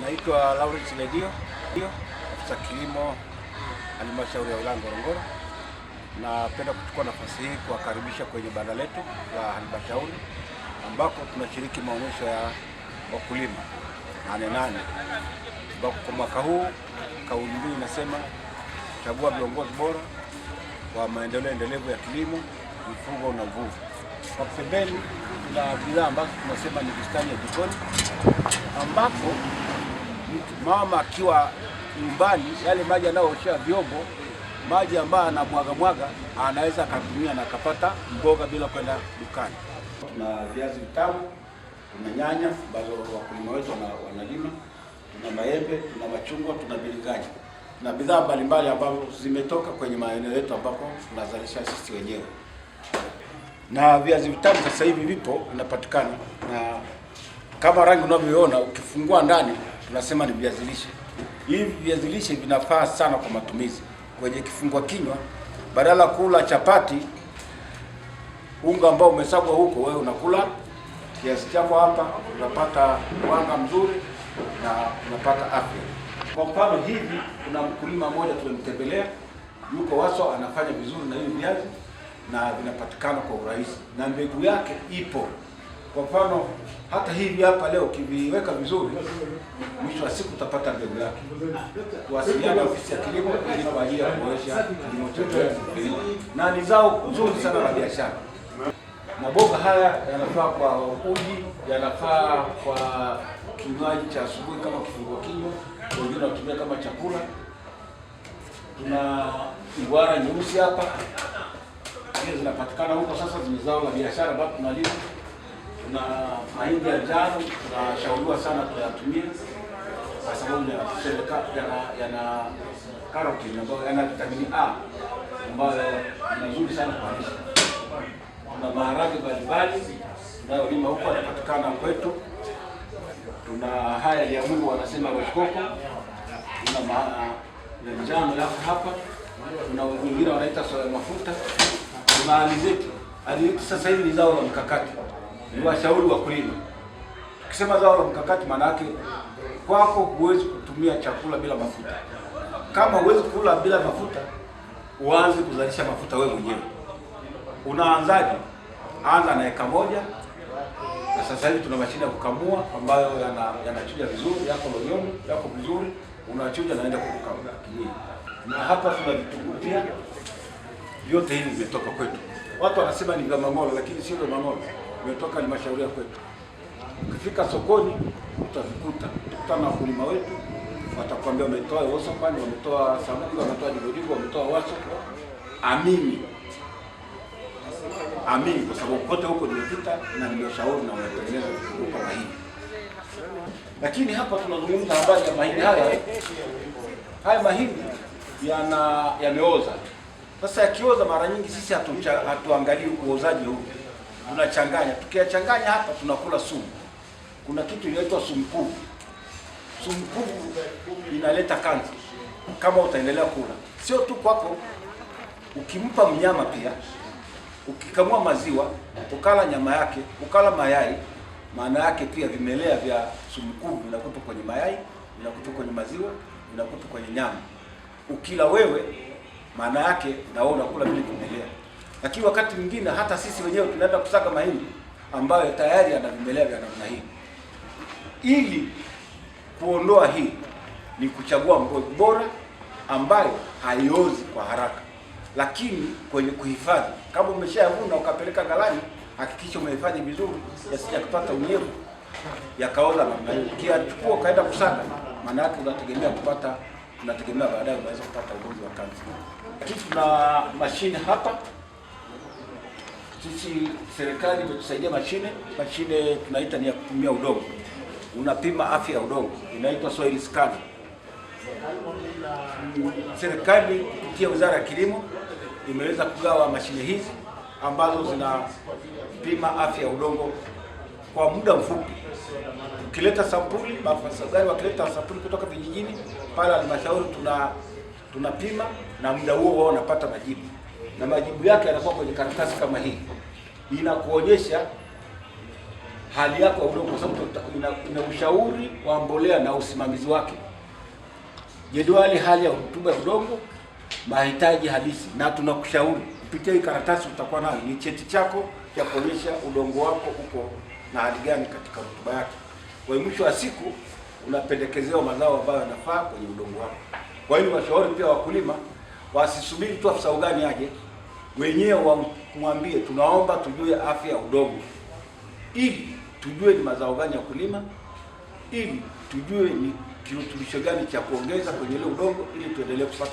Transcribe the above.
Naitwa Lawrence Ledio, afisa kilimo halmashauri ya wilaya Ngorongoro. Napenda kuchukua nafasi hii kuwakaribisha kwenye banda letu la halmashauri ambako tunashiriki maonyesho ya wakulima nane nane, ambako kwa mwaka huu kauli mbiu inasema chagua viongozi bora kwa maendeleo endelevu ya kilimo, mifugo na uvuvi. Kwa pembeni tuna bidhaa ambazo tunasema ni bustani ya jikoni ambapo mama akiwa nyumbani, yale maji anayooshea vyombo, maji ambayo anamwaga mwaga, anaweza akatumia na akapata mboga bila kwenda dukani. Tuna viazi vitamu, tuna nyanya ambazo wakulima wetu wanalima, tuna maembe, tuna machungwa, tuna biringanya na bidhaa mbalimbali ambazo zimetoka kwenye maeneo yetu ambapo tunazalisha sisi wenyewe. Na viazi vitamu sasa hivi vipo vinapatikana, na kama rangi unavyoona ukifungua ndani tunasema ni viazi lishe. Hivi viazi lishe vinafaa sana kwa matumizi kwenye kifungua kinywa, badala kula chapati unga ambao umesagwa huko, wewe unakula kiasi chako hapa, unapata wanga mzuri na unapata afya. Kwa mfano hivi, kuna mkulima mmoja tumemtembelea, yuko Waso, anafanya vizuri na hivi viazi na vinapatikana kwa urahisi na mbegu yake ipo. Kwa mfano hata hivi hapa leo ukiviweka vizuri, mwisho wa siku utapata mbegu yake. Kuwasiliana ofisi ya kilimo ili kwa ajili ya kuboresha kilimo chetu, na ni zao nzuri sana la biashara. Maboga haya yanafaa kwa uji, yanafaa kwa kinywaji cha asubuhi kama kifungua kinywa, wengine watumia kama chakula. Tuna ngwara nyeusi hapa, zinapatikana huko sasa, zimezao la biashara ambapo tunalima na mahindi ya njano, tunashauriwa sana tuyatumie kwa sababu yana yana karotini ambayo yana vitamini A ambayo ni nzuri sana kwa lishe. Tuna maharage mbalimbali tunayolima huko yanapatikana kwetu. Tuna haya ya Mungu wanasema wekoko tuna ya njano alafu hapa kuna wengine wanaita soya mafuta, tuna alizeti. Alizeti sasa hivi ni zao la mkakati ni washauri wakulima. Tukisema zao la mkakati, maana yake kwako huwezi kutumia chakula bila mafuta. Kama huwezi kula bila mafuta, uanze kuzalisha mafuta wewe mwenyewe. Unaanzaje? Anza na eka moja, na sasa hivi tuna mashine ya kukamua ambayo yanachuja yana vizuri, yako lonyoni, yako vizuri, unachuja naenda kukamua. Na hapa tuna vitunguu pia, vyote hivi vimetoka kwetu. Watu wanasema ni vya lakini sio vya vimetoka halmashauri ya kwetu. Ukifika sokoni utavikuta, utakutana na wakulima wetu, watakwambia wametoa osopani, wametoa sabuni, wametoa digodigwa, wametoa waso. Amini, amini, kwa sababu kote huko nimepita na nimeshauri na wametengeneza vitu kama hivi, lakini hapa tunazungumza habari ya mahindi haya. Haya mahindi yana yameoza sasa, yakioza mara nyingi sisi hatuangalii uozaji huu tunachanganya. Tukiyachanganya hapa tunakula sumu. Kuna kitu inaitwa sumu kuvu. Sumu kuvu inaleta kansa kama utaendelea kula, sio tu kwako. Ukimpa mnyama pia, ukikamua maziwa, ukala nyama yake, ukala mayai, maana yake pia vimelea vya sumu kuvu vinakuta kwenye mayai, vinakuta kwenye maziwa, vinakuta kwenye nyama. Ukila wewe, maana yake na wewe unakula vile vimelea. Lakini wakati mwingine hata sisi wenyewe tunaenda kusaga mahindi ambayo tayari yana vimelea vya namna hii. Ili kuondoa hii ni kuchagua mbegu bora ambayo haiozi kwa haraka, lakini kwenye kuhifadhi. Kama umeshayavuna ukapeleka galani, hakikisha umehifadhi vizuri, yasija kupata unyevu yakaoza namna hiyo. Ukiyachukua ukaenda kusaga, maana yake unategemea kupata unategemea baadaye unaweza kupata ugonjwa wa kansa. Lakini tuna mashine hapa sisi serikali imetusaidia mashine. Mashine tunaita ni ya kupimia udongo, unapima afya ya udongo, inaitwa soil scan. Serikali kupitia wizara ya kilimo imeweza kugawa mashine hizi ambazo zinapima afya ya udongo kwa muda mfupi. Ukileta sampuli, maafisa ugani wakileta sampuli kutoka vijijini pale halmashauri, tuna tunapima na muda huo wao wanapata majibu na majibu yake yanakuwa kwenye karatasi kama hii, inakuonyesha hali yako ya udongo, kwa sababu ina, ina ushauri wa mbolea na usimamizi wake, jedwali hali ya rutuba ya udongo, mahitaji halisi, na tunakushauri kupitia hii karatasi utakuwa nayo. Ni cheti chako cha kuonyesha udongo wako uko na hali gani katika rutuba yake. Kwa mwisho wa siku unapendekezewa mazao ambayo yanafaa kwenye udongo wako. Kwa hiyo washauri pia wakulima wasisubiri tu afisa ugani aje, wenyewe wamwambie tunaomba tujue afya ya udongo, ili tujue ni mazao gani ya kulima, ili tujue ni kirutubisho gani cha kuongeza kwenye ile udongo, ili tuendelee kupata